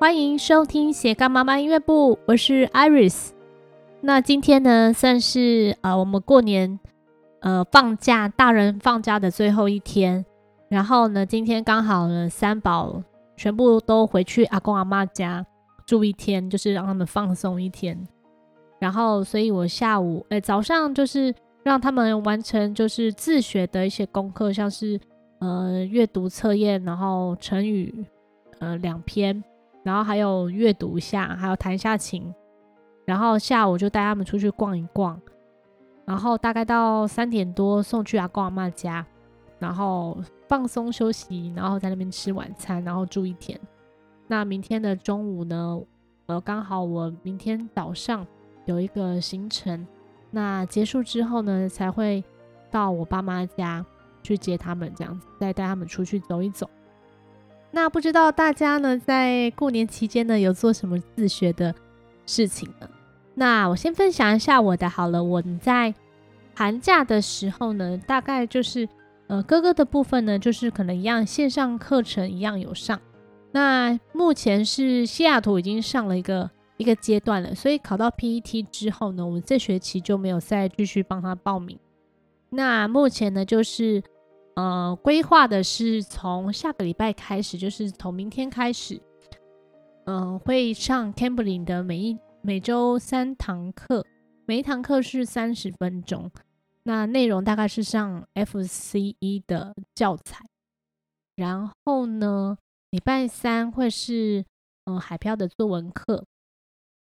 歡迎收聽斜槓媽媽音樂部，我是 Iris。那今天呢，算是呃我們過年呃放假，大人放假的最後一天。然後呢，今天剛好呢，三寶全部都回去阿公阿嬤家住一天，就是讓他們放鬆一天。然後，所以我下午哎早上就是讓他們完成就是自學的一些功課，像是呃閱讀測驗，然後成語呃兩篇。然後還有閱讀一下，還有彈一下琴，然後下午就帶他們出去逛一逛，然後大概到三點多送去阿公阿嬤家，然後放鬆休息，然後在那邊吃晚餐，然後住一天。那明天的中午呢？呃，剛好我明天早上有一個行程，那結束之後呢，才會到我爸媽家去接他們，這樣子再帶他們出去走一走。那不知道大家呢，在過年期間呢，有做什麼自學的事情呢？那我先分享一下我的好了。我在寒假的時候呢，大概就是，呃，哥哥的部分呢，就是可能一樣線上課程一樣有上。那目前是西雅圖已經上了一個一個階段了，所以考到 PET 之後呢，我們這學期就沒有再繼續幫他報名。那目前呢，就是。呃，規劃的是從下個禮拜開始，就是從明天開始，嗯、呃，會上 Campbelling 的每一每周三堂課，每一堂課是三十分鐘。那內容大概是上 FCE 的教材，然後呢，禮拜三會是嗯、呃、海漂的作文課，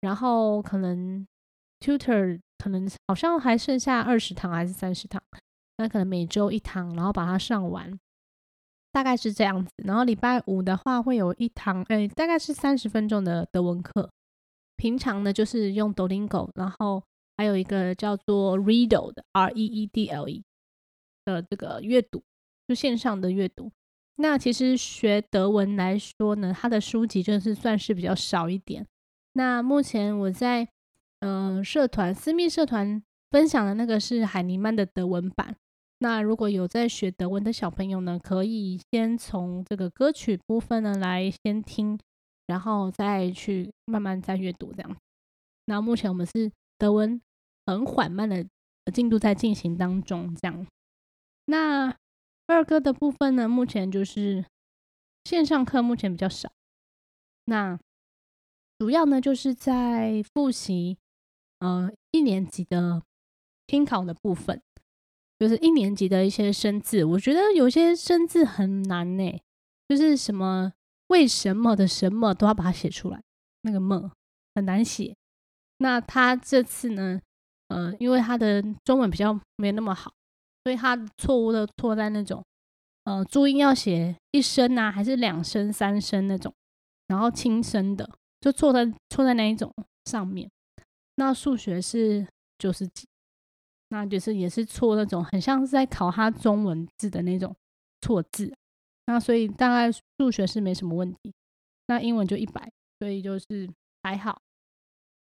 然後可能 tutor 可能好像還剩下二十堂還是三十堂。那可能每周一堂，然後把它上完，大概是這樣子。然後禮拜五的話會有一堂，哎，大概是三十分鐘的德文課。平常呢就是用 Duolingo，然後還有一個叫做 Reedle 的 R, le, R E E D L E 的這個閱讀，就線上的閱讀。那其實學德文來說呢，它的書籍就是算是比較少一點。那目前我在嗯、呃、社團私密社團分享的那個是海尼曼的德文版。那如果有在學德文的小朋友呢，可以先從這個歌曲部分呢來先聽，然後再去慢慢再閱讀這樣。那目前我們是德文很緩慢的進度在進行當中這樣。那二哥的部分呢，目前就是線上課目前比較少，那主要呢就是在複習呃一年級的聽考的部分。就是一年級的一些生字，我覺得有些生字很難呢、欸，就是什麼為什麼的什麼都要把它寫出來，那個麼很難寫。那他這次呢，嗯、呃，因為他的中文比較沒那麼好，所以他錯誤的錯在那種，呃，注音要寫一聲啊，還是兩聲、三聲那種，然後輕聲的就錯在錯在那一種上面。那數學是九十幾。那就是也是錯那種很像是在考他中文字的那種錯字，那所以大概數學是沒什麼問題，那英文就一百，所以就是還好。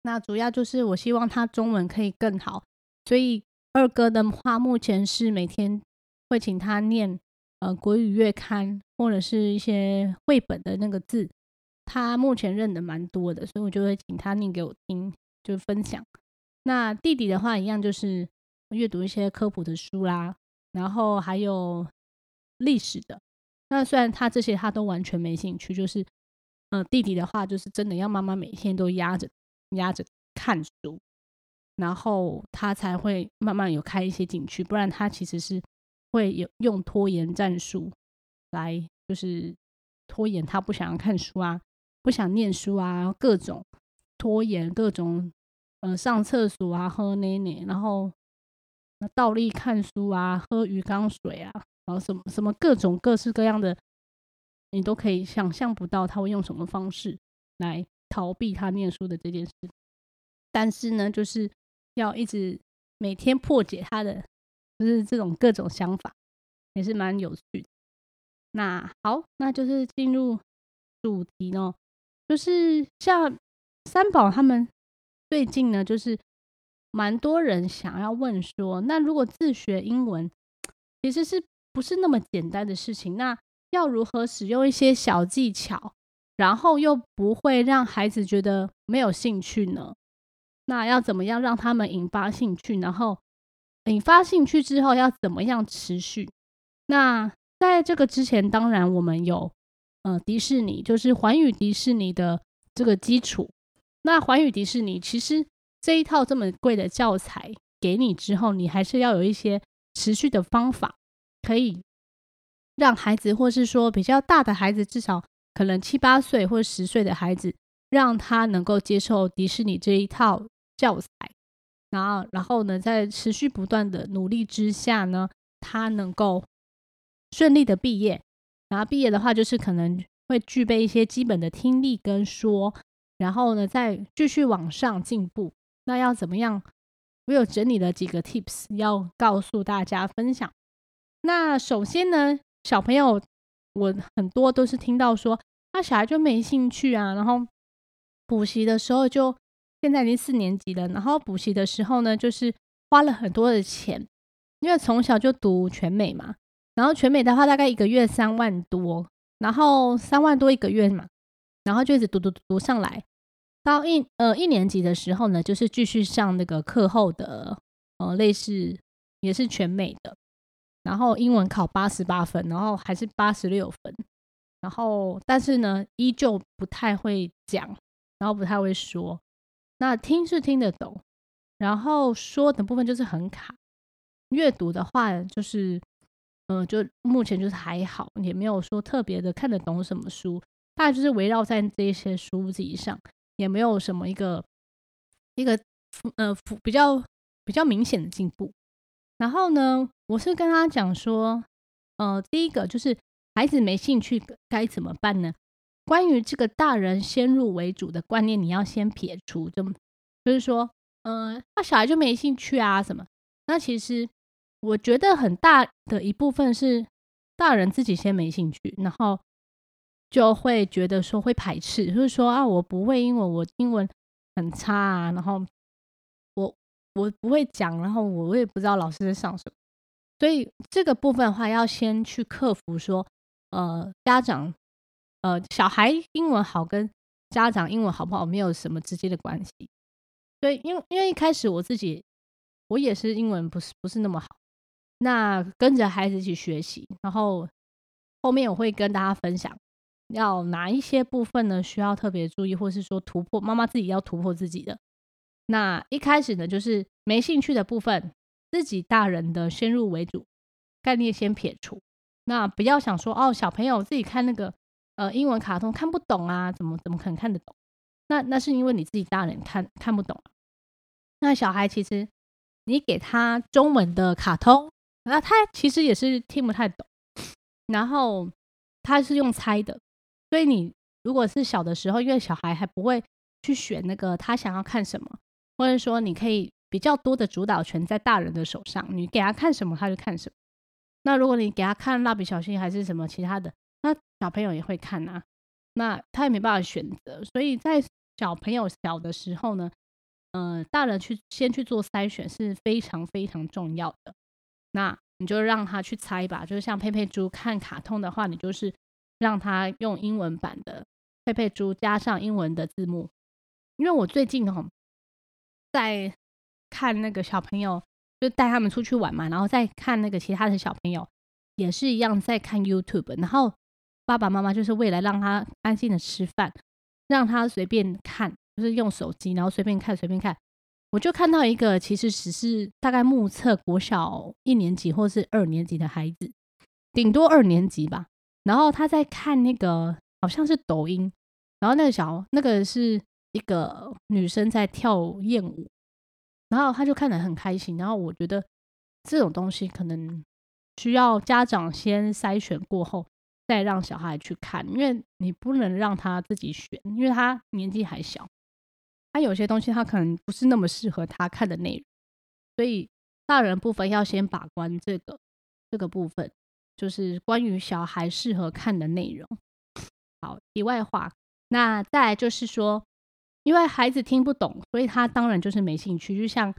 那主要就是我希望他中文可以更好，所以二哥的話目前是每天會請他念呃國語月刊或者是一些繪本的那個字，他目前認得蠻多的，所以我就會請他念給我聽，就分享。那弟弟的話一樣就是。閱讀一些科普的書啦、啊，然後還有歷史的。那雖然他這些他都完全沒興趣，就是呃弟弟的話，就是真的要媽媽每天都壓着壓着看書，然後他才會慢慢有看一些進去。不然他其實是會有用拖延戰術來，就是拖延他不想要看書啊，不想念書啊，各種拖延，各種呃上廁所啊，喝奶奶，然後。倒立看書啊，喝魚缸水啊，然後什麼什麼各種各式各樣的，你都可以想象不到他會用什麼方式來逃避他念書的這件事。但是呢，就是要一直每天破解他的，就是這種各種想法，也是蠻有趣的。那好，那就是進入主題呢，就是像三寶他們最近呢，就是。蠻多人想要問說，那如果自學英文，其實是不是那麼簡單的事情？那要如何使用一些小技巧，然後又不會讓孩子覺得沒有興趣呢？那要怎麼樣讓他們引發興趣？然後引發興趣之後要怎麼樣持續？那在這個之前，當然我們有呃迪士尼，就是寰宇迪士尼的這個基礎。那寰宇迪士尼其實。這一套這麼貴的教材給你之後，你還是要有一些持續的方法，可以讓孩子，或是說比較大的孩子，至少可能七八歲或十歲的孩子，讓他能夠接受迪士尼這一套教材。然後，然後呢，在持續不斷的努力之下呢，他能夠順利的畢業。然後畢業的話，就是可能會具備一些基本的聽力跟說，然後呢，再繼續往上進步。那要怎麼樣？我有整理了幾個 tips 要告訴大家分享。那首先呢，小朋友，我很多都是聽到說，那小孩就沒興趣啊，然後補習的時候就現在已經四年級了，然後補習的時候呢，就是花了很多的錢，因為從小就讀全美嘛，然後全美的話大概一個月三萬多，然後三萬多一個月嘛，然後就一直讀讀讀讀上來。到一呃一年級的時候呢，就是繼續上那個課後的呃，類似也是全美的，然後英文考八十八分，然後還是八十六分，然後但是呢依舊不太會講，然後不太會說，那聽是聽得懂，然後說的部分就是很卡。閱讀的話就是嗯、呃，就目前就是還好，也沒有說特別的看得懂什麼書，大概就是圍繞在這些書籍上。也沒有什麼一個一個呃比較比較明顯的進步。然後呢，我是跟他講說，呃，第一個就是孩子沒興趣該怎麼辦呢？關於這個大人先入為主的觀念，你要先撇除，就，就是說，嗯、呃，那小孩就沒興趣啊什麼？那其實我覺得很大的一部分是大人自己先沒興趣，然後。就會覺得說會排斥，就是說啊，我不會英文，因為我英文很差啊，然後我我不會講，然後我我也不知道老師在上什麼，所以這個部分的話，要先去克服說，呃，家長，呃，小孩英文好跟家長英文好不好沒有什麼直接的關係，所以因為因為一開始我自己我也是英文不是不是那麼好，那跟着孩子一起學習，然後後面我會跟大家分享。要哪一些部分呢？需要特別注意，或是說突破，媽媽自己要突破自己的。那一開始呢，就是沒興趣的部分，自己大人的先入為主，概念先撇除。那不要想說哦，小朋友自己看那個呃英文卡通看不懂啊，怎麼怎麼可能看得懂？那那是因為你自己大人看看不懂啊。那小孩其實你給他中文的卡通，那他其實也是聽不太懂，然後他是用猜的。所以你如果是小的時候，因為小孩還不會去選那個他想要看什麼，或者說你可以比較多的主導權在大人的手上，你給他看什麼他就看什麼。那如果你給他看《蠟筆小新》還是什麼其他的，那小朋友也會看啊，那他也沒辦法選擇。所以在小朋友小的時候呢，呃，大人去先去做篩選是非常非常重要的。那你就讓他去猜吧，就是像佩佩豬看卡通的話，你就是。讓他用英文版的佩佩豬加上英文的字幕，因為我最近哦，在看那個小朋友，就帶他們出去玩嘛，然後再看那個其他的小朋友也是一樣在看 YouTube，然後爸爸媽媽就是為了讓他安心的吃飯，讓他隨便看，就是用手機，然後隨便看隨便看，我就看到一個，其實只是大概目測國小一年級或是二年級的孩子，頂多二年級吧。然後他在看那個，好像是抖音，然後那個小那個是一個女生在跳豔舞，然後他就看得很開心。然後我覺得這種東西可能需要家長先篩選過後再讓小孩去看，因為你不能讓他自己選，因為他年紀還小，他有些東西他可能不是那麼適合他看的內容，所以大人部分要先把關這個這個部分。就是關於小孩適合看的內容。好，題外話，那再來就是說，因為孩子聽不懂，所以他當然就是沒興趣。就像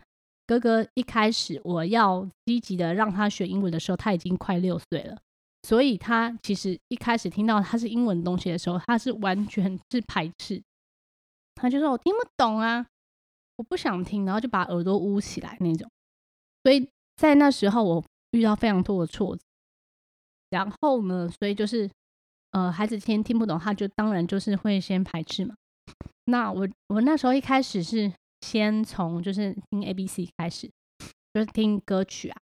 哥哥一開始我要積極的讓他學英文的時候，他已經快六歲了，所以他其實一開始聽到他是英文東西的時候，他是完全是排斥。他就說：“我聽不懂啊，我不想聽。”然後就把耳朵捂起來那種。所以在那時候，我遇到非常多的挫折。然後呢，所以就是，呃，孩子先聽不懂他就當然就是會先排斥嘛。那我我那時候一開始是先從就是聽 ABC 開始，就是聽歌曲啊，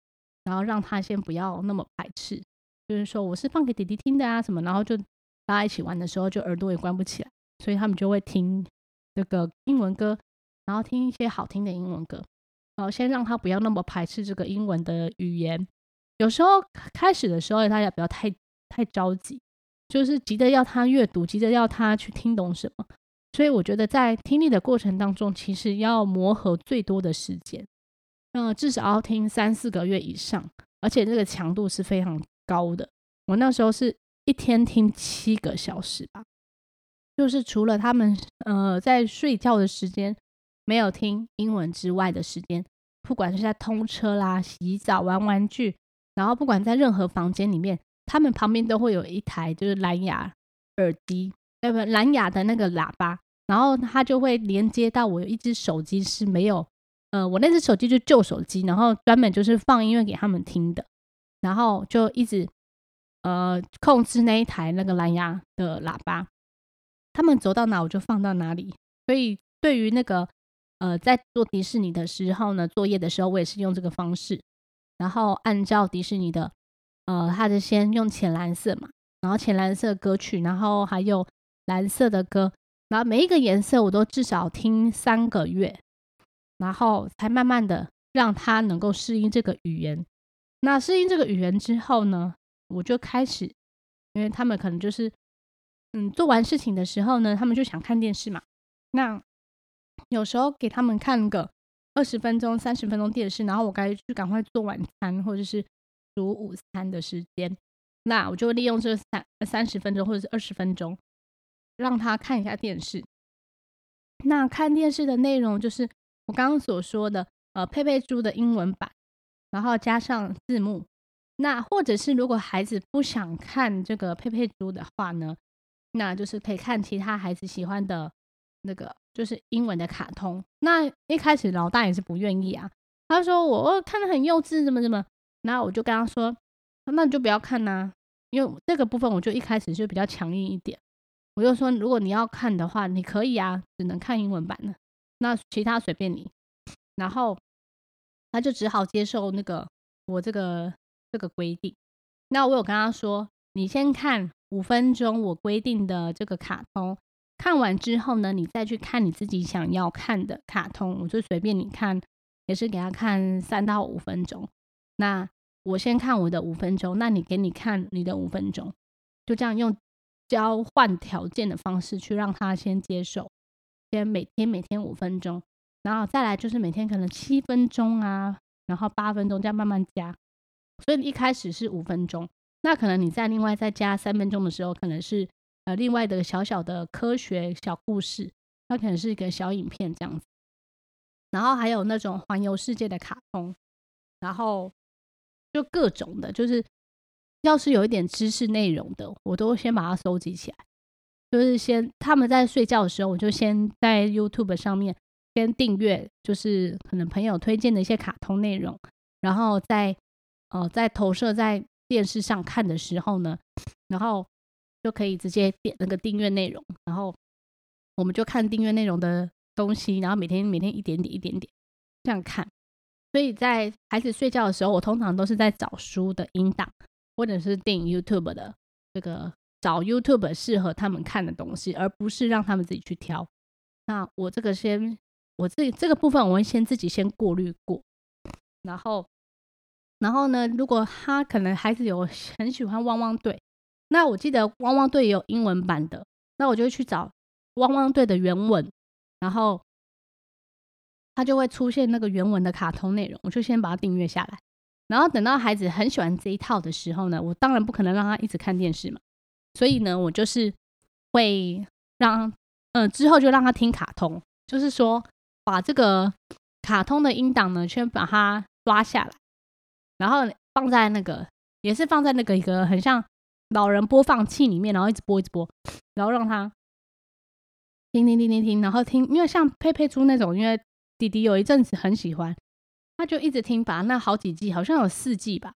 然後讓他先不要那麼排斥。就是說我是放給弟弟聽的啊什麼，然後就大家一起玩的時候就耳朵也關不起來，所以他們就會聽那個英文歌，然後聽一些好聽的英文歌，然後先讓他不要那麼排斥這個英文的語言。有時候開始的時候，大家不要太太着急，就是急着要他閱讀，急着要他去聽懂什麼。所以我覺得在聽力的過程當中，其實要磨合最多的時間，呃，至少要聽三四個月以上，而且這個強度是非常高的。我那時候是一天聽七個小時吧，就是除了他們呃在睡覺的時間沒有聽英文之外的時間，不管是在通車啦、洗澡、玩玩具，然後不管在任何房間裡面，他們旁邊都會有一台就是藍牙耳機，哎不對藍牙的那個喇叭，然後它就會連接到我有一隻手機是沒有，呃我那隻手機就舊手機，然後專門就是放音樂給他們聽的，然後就一直呃控制那一台那個藍牙的喇叭，他們走到哪我就放到哪裡，所以對於那個呃在做迪士尼的時候呢，作業的時候我也是用這個方式。然後按照迪士尼的，呃，他就先用淺藍色嘛，然後淺藍色的歌曲，然後還有藍色的歌，然後每一個顏色我都至少聽三個月，然後才慢慢的讓他能夠適應這個語言。那適應這個語言之後呢，我就開始，因為他們可能就是，嗯，做完事情的時候呢，他們就想看電視嘛，那有時候給他們看個。二十分鐘、三十分鐘電視，然後我該去趕快做晚餐或者是煮午餐的時間，那我就利用這三三十分鐘或者是二十分鐘，讓他看一下電視。那看電視的內容就是我剛剛所說的，呃、佩佩豬的英文版，然後加上字幕。那或者是如果孩子不想看這個佩佩豬的話呢，那就是可以看其他孩子喜歡的那個。就是英文的卡通。那一開始老大也是不願意啊，他說我：“我、哦、我看得很幼稚是嗎是嗎，怎麼怎麼。”然後我就跟他說：“那你就不要看吶、啊，因為這個部分我就一開始就比較強硬一點。我就說，如果你要看的話，你可以啊，只能看英文版的，那其他隨便你。”然後他就只好接受那個我這個這個規定。那我有跟他說：“你先看五分鐘我規定的這個卡通。”看完之後呢，你再去看你自己想要看的卡通，我就隨便你看，也是給他看三到五分鐘。那我先看我的五分鐘，那你給你看你的五分鐘，就這樣用交換條件的方式去讓他先接受，先每天每天五分鐘，然後再來就是每天可能七分鐘啊，然後八分鐘這樣慢慢加。所以一開始是五分鐘，那可能你再另外再加三分鐘的時候，可能是。呃，另外的小小的科學小故事，它可能是一個小影片，這樣子，然後還有那種環遊世界的卡通，然後就各種的，就是要是有一點知識內容的，我都先把它收集起來。就是先他們在睡覺的時候，我就先在 YouTube 上面先訂閱，就是可能朋友推薦的一些卡通內容，然後在呃，在投射在電視上看的時候呢，然後。就可以直接點那個訂閱內容，然後我們就看訂閱內容的東西，然後每天每天一點點一點點這樣看。所以在孩子睡覺的時候，我通常都是在找書的音檔，或者是電影 YouTube 的這個找 YouTube 適合他們看的東西，而不是讓他們自己去挑。那我這個先，我這這個部分我會先自己先過濾過，然後，然後呢，如果他可能孩子有很喜歡汪汪隊。那我記得《汪汪隊》也有英文版的，那我就去找《汪汪隊》的原文，然後它就會出現那個原文的卡通內容，我就先把它訂閱下來。然後等到孩子很喜歡這一套的時候呢，我當然不可能讓他一直看電視嘛，所以呢，我就是會讓，嗯，之後就讓他聽卡通，就是說把這個卡通的音檔呢，先把它抓下來，然後放在那個，也是放在那個一個很像。老人播放器裡面，然後一直播，一直播，然後讓他聽聽聽聽聽，然後聽，因為像佩佩豬那種，因為弟弟有一陣子很喜歡，他就一直聽，把那好幾季，好像有四季吧，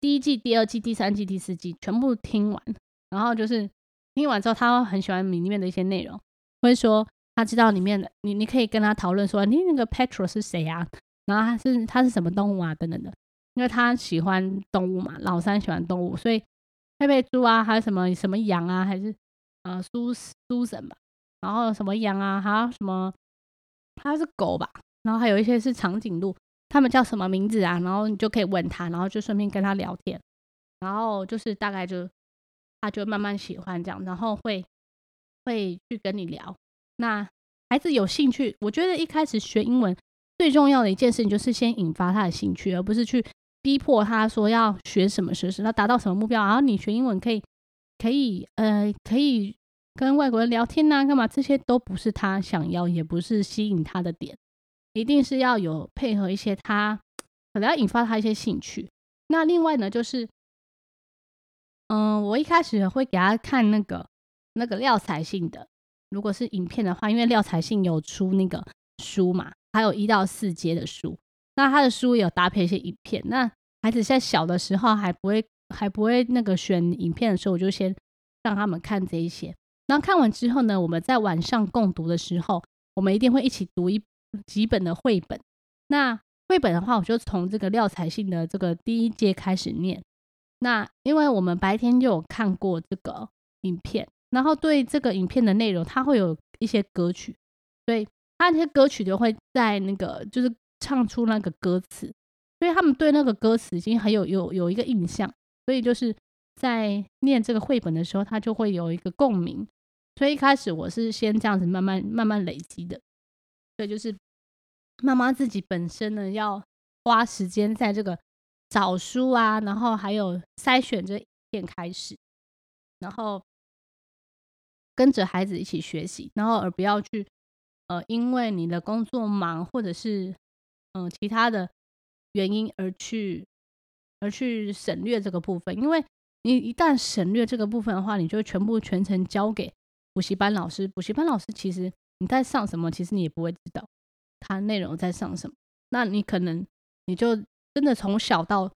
第一季、第二季、第三季、第四季全部聽完，然後就是聽完之後，他很喜歡裡面的一些內容，會說他知道裡面的，你你可以跟他討論說，你那個 Pedro 是誰啊？然後他是他是什麼動物啊？等等的，因為他喜歡動物嘛，老三喜歡動物，所以。佩佩豬啊，還有什麼什麼羊啊，還是呃蘇蘇什麼吧，然後什麼羊啊，還有什麼，他是狗吧，然後還有一些是長頸鹿，他們叫什麼名字啊？然後你就可以問他，然後就順便跟他聊天，然後就是大概就他就慢慢喜歡這樣，然後會會去跟你聊。那孩子有興趣，我覺得一開始學英文最重要的一件事情就是先引發他的興趣，而不是去。逼迫他說，要學什麼學什麼，要達到什麼目標？然後你學英文可以，可以呃，可以跟外國人聊天吶、啊，幹嘛？這些都不是他想要，也不是吸引他的點。一定是要有配合一些他，可能要引發他一些興趣。那另外呢，就是，嗯，我一開始會給他看那個那個廖彩杏的，如果是影片的話，因為廖彩杏有出那個書嘛，還有一到四階的書。那他的書也有搭配一些影片，那孩子在小的時候還不會還不會那個選影片的時候，我就先讓他們看這一些，然後看完之後呢，我們在晚上共讀的時候，我們一定會一起讀一幾本的繪本。那繪本的話，我就從這個廖彩杏的這個第一階開始念。那因為我們白天就有看過這個影片，然後對這個影片的內容，它會有一些歌曲，所以它那些歌曲就會在那個就是。唱出那個歌詞，所以他們對那個歌詞已經很有有有一個印象，所以就是在念這個繪本的時候，他就會有一個共鳴。所以一開始我是先這樣子慢慢慢慢累積的，所以就是媽媽自己本身呢要花時間在這個找書啊，然後還有篩選這一點開始，然後跟着孩子一起學習，然後而不要去呃，因為你的工作忙或者是。嗯，其他的，原因而去，而去省略這個部分，因為你一旦省略這個部分的話，你就全部全程交給補習班老師。補習班老師其實你在上什麼，其實你也不會知道，他內容在上什麼。那你可能你就真的從小到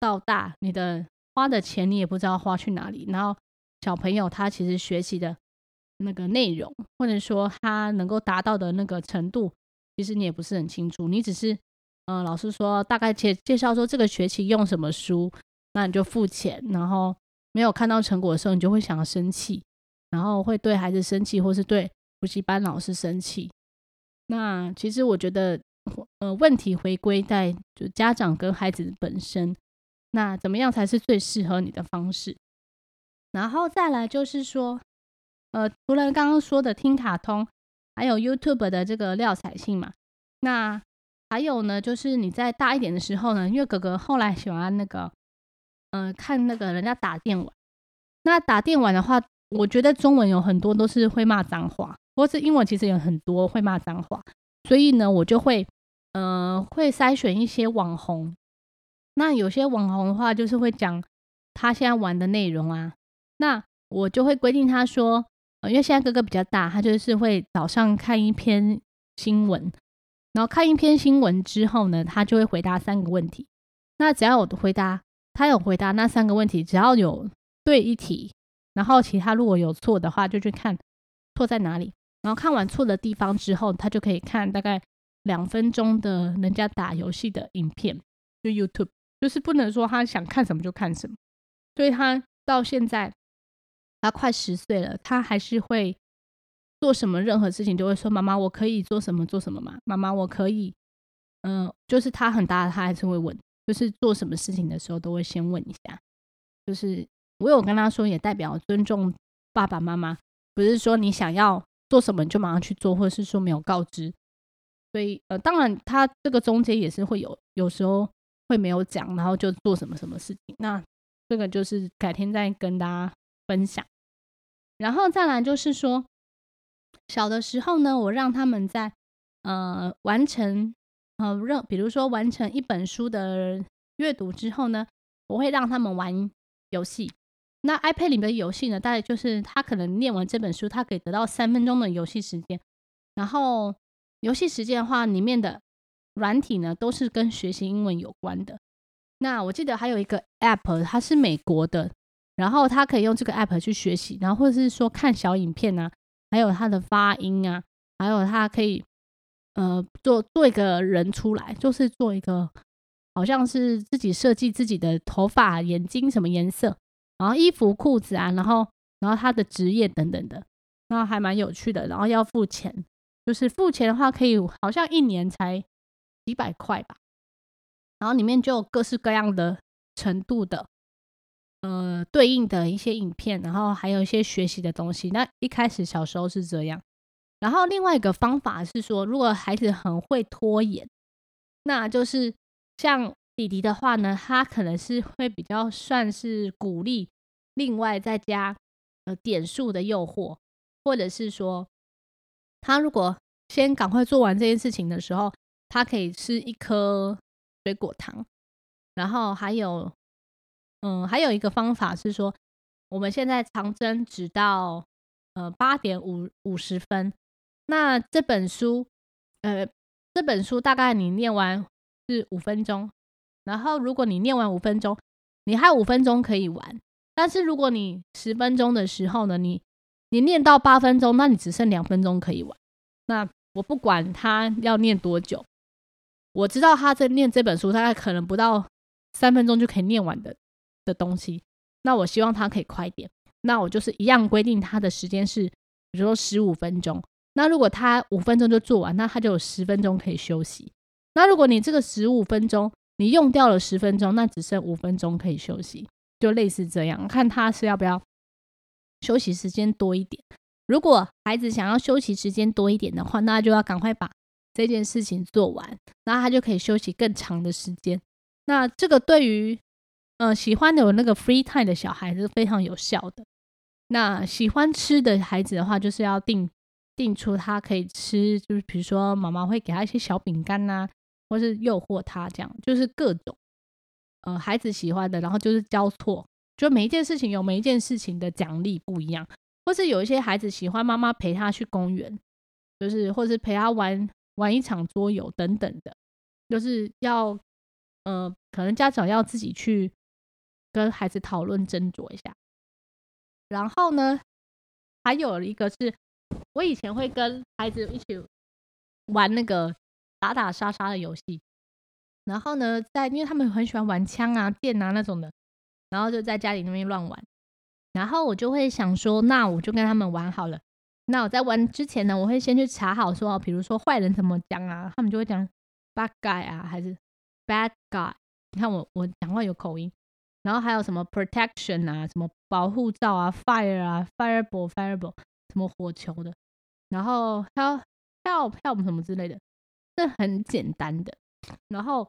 到大，你的花的錢你也不知道花去哪裡。然後小朋友他其實學習的那個內容，或者說他能夠達到的那個程度。其實你也不是很清楚，你只是，呃，老師說大概介介紹說這個學期用什麼書，那你就付錢，然後沒有看到成果的時候，你就會想要生氣，然後會對孩子生氣，或是對補習班老師生氣。那其實我覺得，呃，問題回歸在就家長跟孩子本身，那怎麼樣才是最適合你的方式？然後再來就是說，呃，除了剛剛說的聽卡通，還有 YouTube 的這個廖彩杏嘛？那還有呢，就是你在大一點的時候呢，因為哥哥後來喜歡那個，嗯、呃，看那個人家打電玩。那打電玩的話，我覺得中文有很多都是會罵髒話，或是英文其實有很多會罵髒話。所以呢，我就會，嗯、呃，會篩選一些網紅。那有些網紅的話，就是會講他現在玩的內容啊。那我就會規定他說。因為現在哥哥比較大，他就是會早上看一篇新聞，然後看一篇新聞之後呢，他就會回答三個問題。那只要我的回答，他有回答那三個問題，只要有對一題，然後其他如果有錯的話，就去看錯在哪裡。然後看完錯的地方之後，他就可以看大概兩分鐘的人家打遊戲的影片，就 YouTube，就是不能說他想看什麼就看什麼，所以他到現在。他快十歲了，他還是會做什麼任何事情都會說：“媽媽，我可以做什麼？做什麼嗎？”媽媽，我可以。嗯、呃，就是他很大，他還是會問，就是做什麼事情的時候都會先問一下。就是我有跟他說，也代表尊重爸爸媽媽，不是說你想要做什麼就馬上去做，或者是說沒有告知。所以呃，當然他這個中間也是會有，有時候會沒有講，然後就做什麼什麼事情。那這個就是改天再跟大家分享。然後再來就是說，小的時候呢，我讓他們在呃完成呃，讓比如說完成一本書的閱讀之後呢，我會讓他們玩遊戲。那 iPad 裡面的遊戲呢，大概就是他可能念完這本書，他可以得到三分鐘的遊戲時間。然後遊戲時間的話，裡面的軟體呢都是跟學習英文有關的。那我記得還有一個 App，它是美國的。然後他可以用這個 app 去學習，然後或者是說看小影片啊，還有他的發音啊，還有他可以呃做做一個人出來，就是做一個好像是自己設計自己的頭髮、眼睛什麼顏色，然後衣服、褲子啊，然後然後他的職業等等的，然後還蠻有趣的。然後要付錢，就是付錢的話可以好像一年才幾百塊吧，然後裡面就有各式各樣的程度的。呃，對應的一些影片，然後還有一些學習的東西。那一開始小時候是這樣，然後另外一個方法是說，如果孩子很會拖延，那就是像弟弟的話呢，他可能是會比較算是鼓勵，另外再加呃點數的誘惑，或者是說，他如果先趕快做完這件事情的時候，他可以吃一顆水果糖，然後還有。嗯，還有一個方法是說，我們現在長針指到呃八點五五十分。那這本書，呃，這本書大概你念完是五分鐘。然後如果你念完五分鐘，你還有五分鐘可以玩。但是如果你十分鐘的時候呢，你你念到八分鐘，那你只剩兩分鐘可以玩。那我不管他要念多久，我知道他在念這本書，大概可能不到三分鐘就可以念完的。的東西，那我希望他可以快點。那我就是一樣規定他的時間是，比如說十五分鐘。那如果他五分鐘就做完，那他就有十分鐘可以休息。那如果你這個十五分鐘你用掉了十分鐘，那只剩五分鐘可以休息，就類似這樣，看他是要不要休息時間多一點。如果孩子想要休息時間多一點的話，那就要趕快把這件事情做完，然後他就可以休息更長的時間。那這個對於。呃、嗯，喜歡有那個 free time 的小孩子非常有效的。那喜歡吃的孩子的話，就是要定，定出他可以吃，就是比如說媽媽會給他一些小餅乾吶、啊，或是誘惑他這樣，就是各種呃孩子喜歡的。然後就是交錯，就每一件事情有每一件事情的獎勵不一樣，或是有一些孩子喜歡媽媽陪他去公園，就是或是陪他玩玩一場桌遊等等的，就是要呃，可能家長要自己去。跟孩子討論斟酌一下，然後呢，還有一個是，我以前會跟孩子一起玩那個打打殺殺的遊戲，然後呢，在，因為他們很喜歡玩槍啊、劍啊那種的，然後就在家裡那邊亂玩，然後我就會想說，那我就跟他們玩好了。那我在玩之前呢，我會先去查好說，比如說壞人怎麼講啊，他們就會講 bad guy 啊，還是 bad guy。你看我我講話有口音。然後還有什麼 protection 啊，什麼保護罩啊，fire 啊，fireball，fireball，fire 什麼火球的，然後跳跳跳什麼之類的，這很簡單的。然後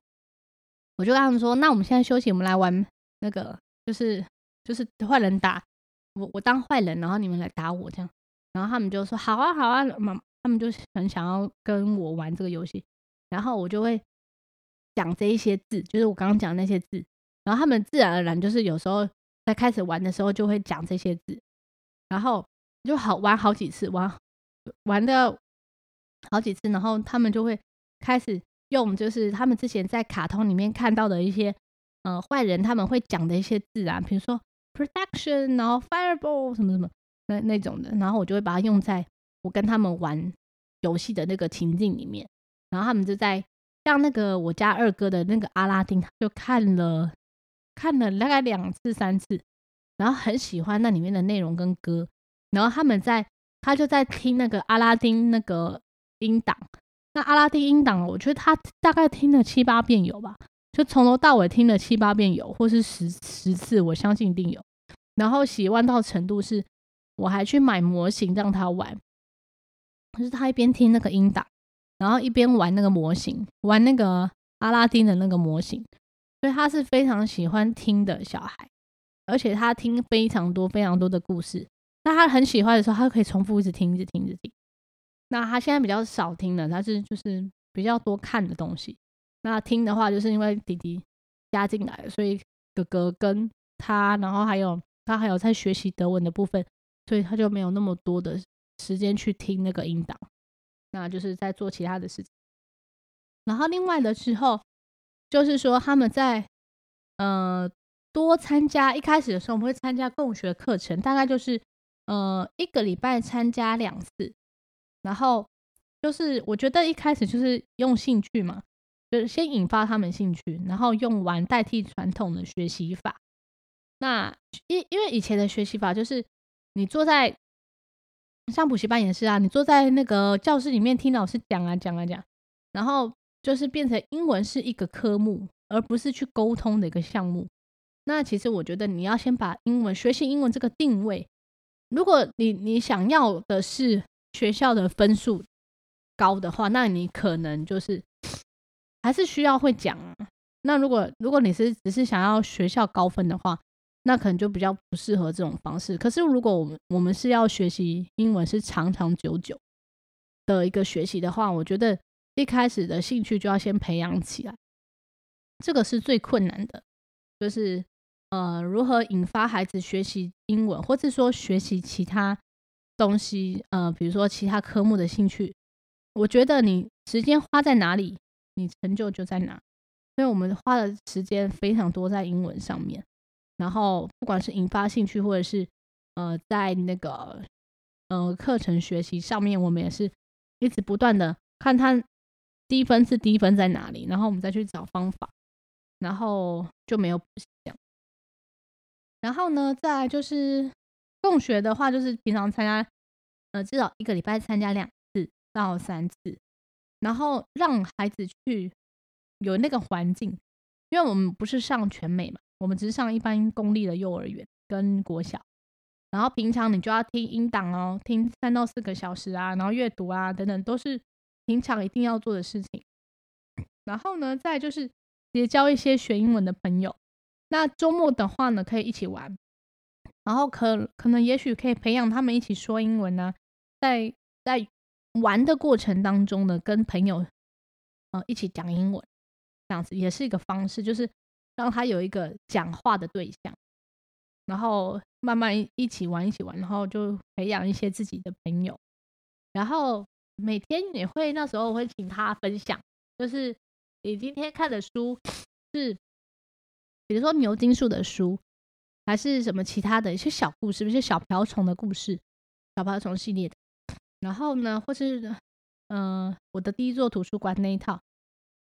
我就跟他們說：“那我們現在休息，我們來玩那個，就是就是壞人打我，我當壞人，然後你們來打我這樣。”然後他們就說：“好啊，好啊。”他們就很想要跟我玩這個遊戲。然後我就會講這一些字，就是我剛剛講的那些字。然後他們自然而然就是有時候在開始玩的時候就會講這些字，然後就好玩好幾次玩玩的好幾次，然後他們就會開始用就是他們之前在卡通裡面看到的一些呃壞人他們會講的一些字啊，比如說 protection 然後 fireball 什麼什麼那那種的，然後我就會把它用在我跟他們玩遊戲的那個情境裡面，然後他們就在像那個我家二哥的那個阿拉丁他就看了。看了大概兩次三次，然後很喜歡那裡面的內容跟歌，然後他們在他就在聽那個阿拉丁那個音檔，那阿拉丁音檔，我覺得他大概聽了七八遍有吧，就從頭到尾聽了七八遍有，或是十十次，我相信一定有。然後喜歡到程度是，我還去買模型讓他玩，就是他一邊聽那個音檔，然後一邊玩那個模型，玩那個阿拉丁的那個模型。所以他是非常喜歡聽的小孩，而且他聽非常多非常多的故事。那他很喜歡的時候，他可以重複一直聽，一直聽，一直聽。那他現在比較少聽了，他是就是比較多看的東西。那聽的話，就是因為弟弟加進來了，所以哥哥跟他，然後還有他還有在學習德文的部分，所以他就沒有那麼多的時間去聽那個音檔。那就是在做其他的事情。然後另外的時候。就是說，他們在呃多參加。一開始的時候，我們會參加共學課程，大概就是呃一個禮拜參加兩次。然後就是，我覺得一開始就是用興趣嘛，就是先引發他們興趣，然後用玩代替傳統的學習法。那因因為以前的學習法就是你坐在上補習班也是啊，你坐在那個教室裡面聽老師講啊講啊講，然後。就是變成英文是一個科目，而不是去溝通的一個項目。那其實我覺得你要先把英文學習英文這個定位。如果你你想要的是學校的分數高的話，那你可能就是還是需要會講啊。那如果如果你是只是想要學校高分的話，那可能就比較不適合這種方式。可是如果我們我們是要學習英文是長長久久的一個學習的話，我覺得。一開始的興趣就要先培養起來，這個是最困難的，就是呃如何引發孩子學習英文，或者說學習其他東西，呃比如說其他科目的興趣。我覺得你時間花在哪裡，你成就就在哪。所以我們花的時間非常多在英文上面，然後不管是引發興趣，或者是呃在那個呃課程學習上面，我們也是一直不斷的看他。低分是低分在哪裡？然後我們再去找方法，然後就沒有補習。然後呢，再來就是共學的話，就是平常參加，呃，至少一個禮拜參加兩次到三次，然後讓孩子去有那個環境，因為我們不是上全美嘛，我們只是上一般公立的幼兒園跟國小，然後平常你就要聽音檔哦，聽三到四個小時啊，然後閱讀啊等等都是，平常一定要做的事情，然後呢，再就是結交一些學英文的朋友。那周末的話呢，可以一起玩，然後可可能也許可以培養他們一起說英文呢。在在玩的過程當中呢，跟朋友呃一起講英文，這樣子也是一個方式，就是讓他有一個講話的對象，然後慢慢一起玩，一起玩，然後就培養一些自己的朋友，然後。每天也會那時候我會請他分享，就是你今天看的書是，比如說牛津樹的書，還是什麼其他的一些小故事，一些小瓢蟲的故事，小瓢蟲系列的。然後呢，或是嗯、呃，我的第一座圖書館那一套，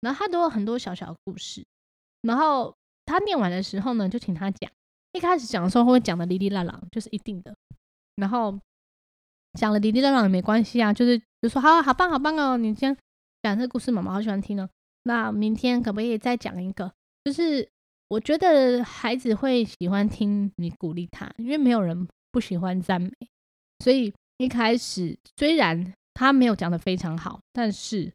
然後他都有很多小小故事。然後他念完的時候呢，就請他講。一開始講的時候會講的哩哩啦啦，就是一定的。然後講了哩哩啦啦也沒關係啊，就是。就說好好棒，好棒哦！你先講這個故事，媽媽好喜歡聽哦。那明天可不可以再講一個？就是我覺得孩子會喜歡聽你鼓勵他，因為沒有人不喜歡讚美。所以一開始雖然他沒有講得非常好，但是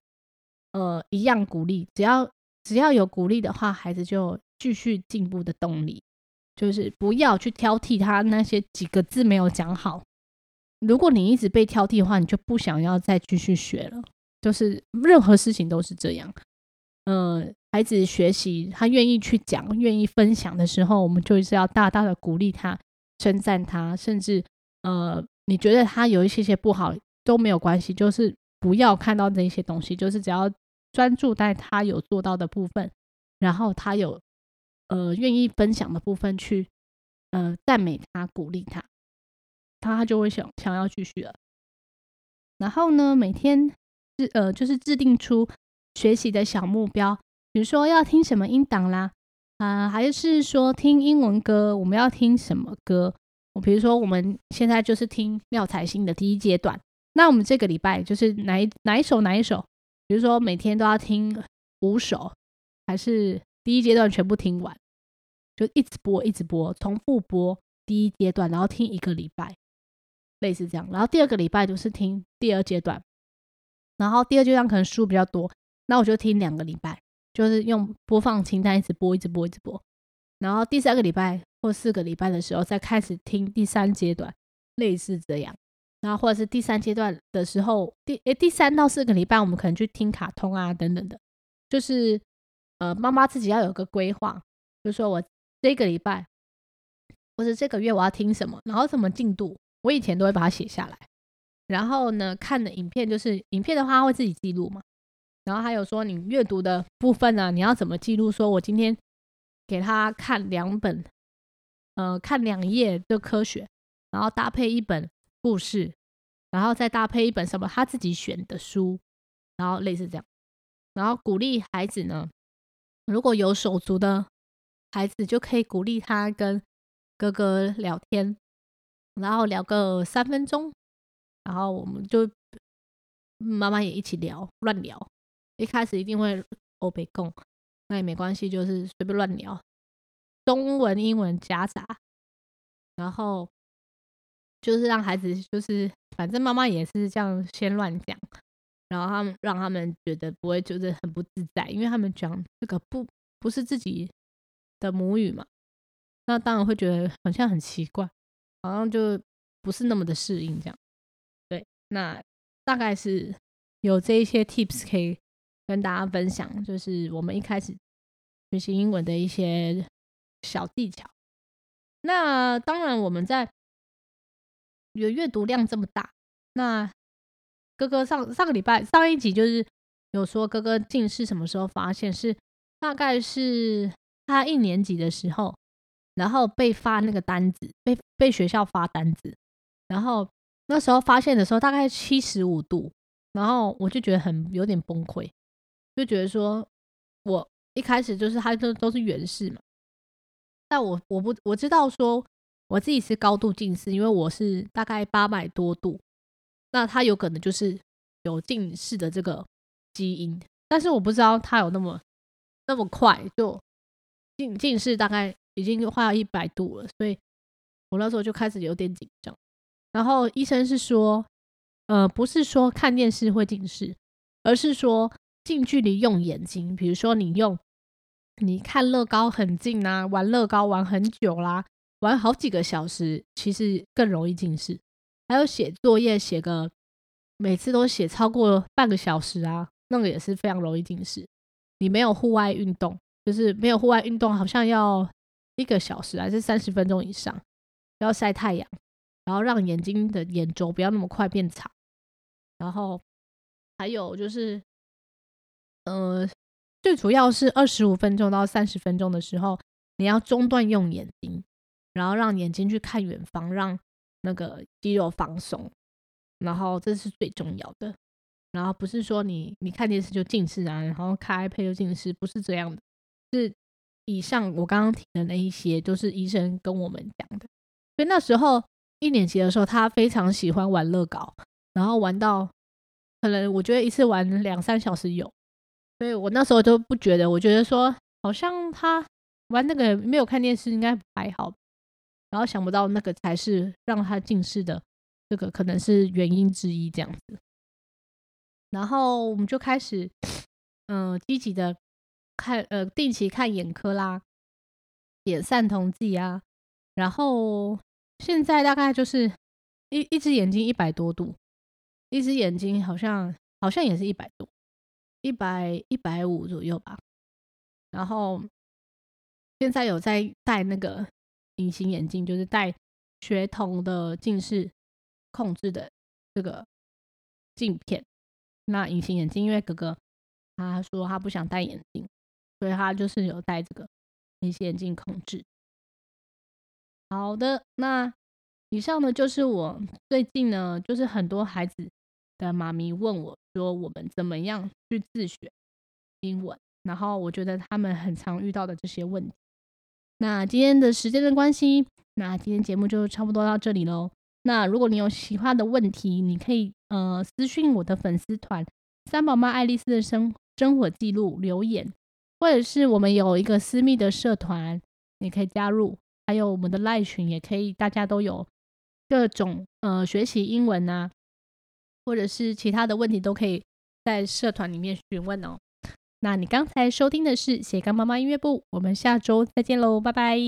呃，一樣鼓勵。只要只要有鼓勵的話，孩子就繼續進步的動力。就是不要去挑剔他那些幾個字沒有講好。如果你一直被挑剔的話，你就不想要再繼續學了。就是任何事情都是這樣。嗯、呃，孩子學習，他願意去講、願意分享的時候，我們就是要大大的鼓勵他、稱讚他，甚至呃，你覺得他有一些些不好都沒有關係，就是不要看到那些東西，就是只要專注在他有做到的部分，然後他有呃願意分享的部分，去呃讚美他、鼓勵他。他他就會想想要繼續了，然後呢，每天制、呃就是制定出學習的小目標，比如說要聽什麼音檔啦，啊、呃、還是說聽英文歌，我們要聽什麼歌？我比如說我們現在就是聽廖彩杏的第一階段，那我們這個禮拜就是哪哪一首哪一首？比如說每天都要聽五首，還是第一階段全部聽完，就一直播一直播，重複播第一階段，然後聽一個禮拜。類似這樣，然後第二個禮拜就是聽第二階段，然後第二階段可能書比較多，那我就聽兩個禮拜，就是用播放清單一直播，一直播，一直播。然後第三個禮拜或四個禮拜的時候，再開始聽第三階段，類似這樣。然後或者是第三階段的時候，第誒、欸、第三到四個禮拜，我們可能去聽卡通啊等等的，就是呃媽媽自己要有個規劃，就是說我這個禮拜或者這個月我要聽什麼，然後什麼進度。我以前都會把它寫下來，然後呢，看的影片就是影片的話會自己記錄嘛，然後還有說你閱讀的部分呢，你要怎麼記錄？說我今天給他看兩本，嗯、呃，看兩頁的科學，然後搭配一本故事，然後再搭配一本什麼他自己選的書，然後類似這樣，然後鼓勵孩子呢，如果有手足的孩子，就可以鼓勵他跟哥哥聊天。然後聊個三分鐘，然後我們就媽媽也一起聊，亂聊。一開始一定會歐北貢，那也沒關係，就是隨便亂聊，中文、英文夾雜。然後就是讓孩子，就是反正媽媽也是這樣，先亂講，然後他們讓他們覺得不會，就是很不自在，因為他們講這個不不是自己的母語嘛，那當然會覺得好像很奇怪。好像就不是那麼的適應這樣，對，那大概是有這一些 tips 可以跟大家分享，就是我們一開始學習英文的一些小技巧。那當然，我們在有閱讀量這麼大，那哥哥上上個禮拜上一集就是有說哥哥近視什麼時候發現是，是大概是他一年級的時候。然後被發那個單子，被被學校發單子，然後那時候發現的時候大概七十五度，然後我就覺得很有點崩潰，就覺得說，我一開始就是他都都是遠視嘛，但我我不我知道說我自己是高度近視，因為我是大概八百多度，那他有可能就是有近視的這個基因，但是我不知道他有那麼那麼快，就近近視大概，已經快要100度了，所以我那時候就開始有點緊張。然後醫生是說，呃，不是說看電視會近視，而是說近距離用眼睛，比如說你用你看樂高很近啊，玩樂高玩很久啦、啊，玩好幾個小時，其實更容易近視。還有寫作業寫個，每次都寫超過半個小時啊，那個也是非常容易近視。你沒有戶外運動，就是沒有戶外運動，好像要。一個小時還是三十分鐘以上，要曬太陽，然後讓眼睛的眼軸不要那麼快變長，然後還有就是，呃，最主要是二十五分鐘到三十分鐘的時候，你要中斷用眼睛，然後讓眼睛去看遠方，讓那個肌肉放鬆，然後這是最重要的。然後不是說你你看電視就近視啊，然後開 iPad 就近視，不是這樣的，是。以上我剛剛提的那一些都是醫生跟我們講的，所以那時候一年級的時候，他非常喜歡玩樂高，然後玩到可能我覺得一次玩兩三小時有，所以我那時候都不覺得，我覺得說好像他玩那個沒有看電視應該還好，然後想不到那個才是讓他近視的，這個可能是原因之一，這樣子，然後我們就開始嗯、呃、積極的。看呃，定期看眼科啦，也散瞳劑啊，然後現在大概就是一一隻眼睛一百多度，一隻眼睛好像好像也是一百多，一百一百五左右吧。然後現在有在戴那個隱形眼鏡，就是戴學童的近視控制的這個鏡片。那隱形眼鏡，因為哥哥他說他不想戴眼鏡。所以他就是有戴這個隱形眼鏡控制。好的，那以上呢，就是我最近呢，就是很多孩子的媽咪問我說，我們怎麼樣去自學英文？然後我覺得他們很常遇到的這些問題。那今天的時間的關係，那今天節目就差不多到這裡嘍。那如果你有喜歡的問題，你可以呃私訊我的粉絲團“三寶媽愛麗絲”的生活生活記錄留言。或者是我們有一個私密的社團，你可以加入，還有我們的賴群也可以，大家都有各種呃學習英文吶、啊，或者是其他的問題都可以在社團裡面詢問哦。那你剛才收聽的是斜槓媽媽音樂部，我們下周再見嘍，拜拜。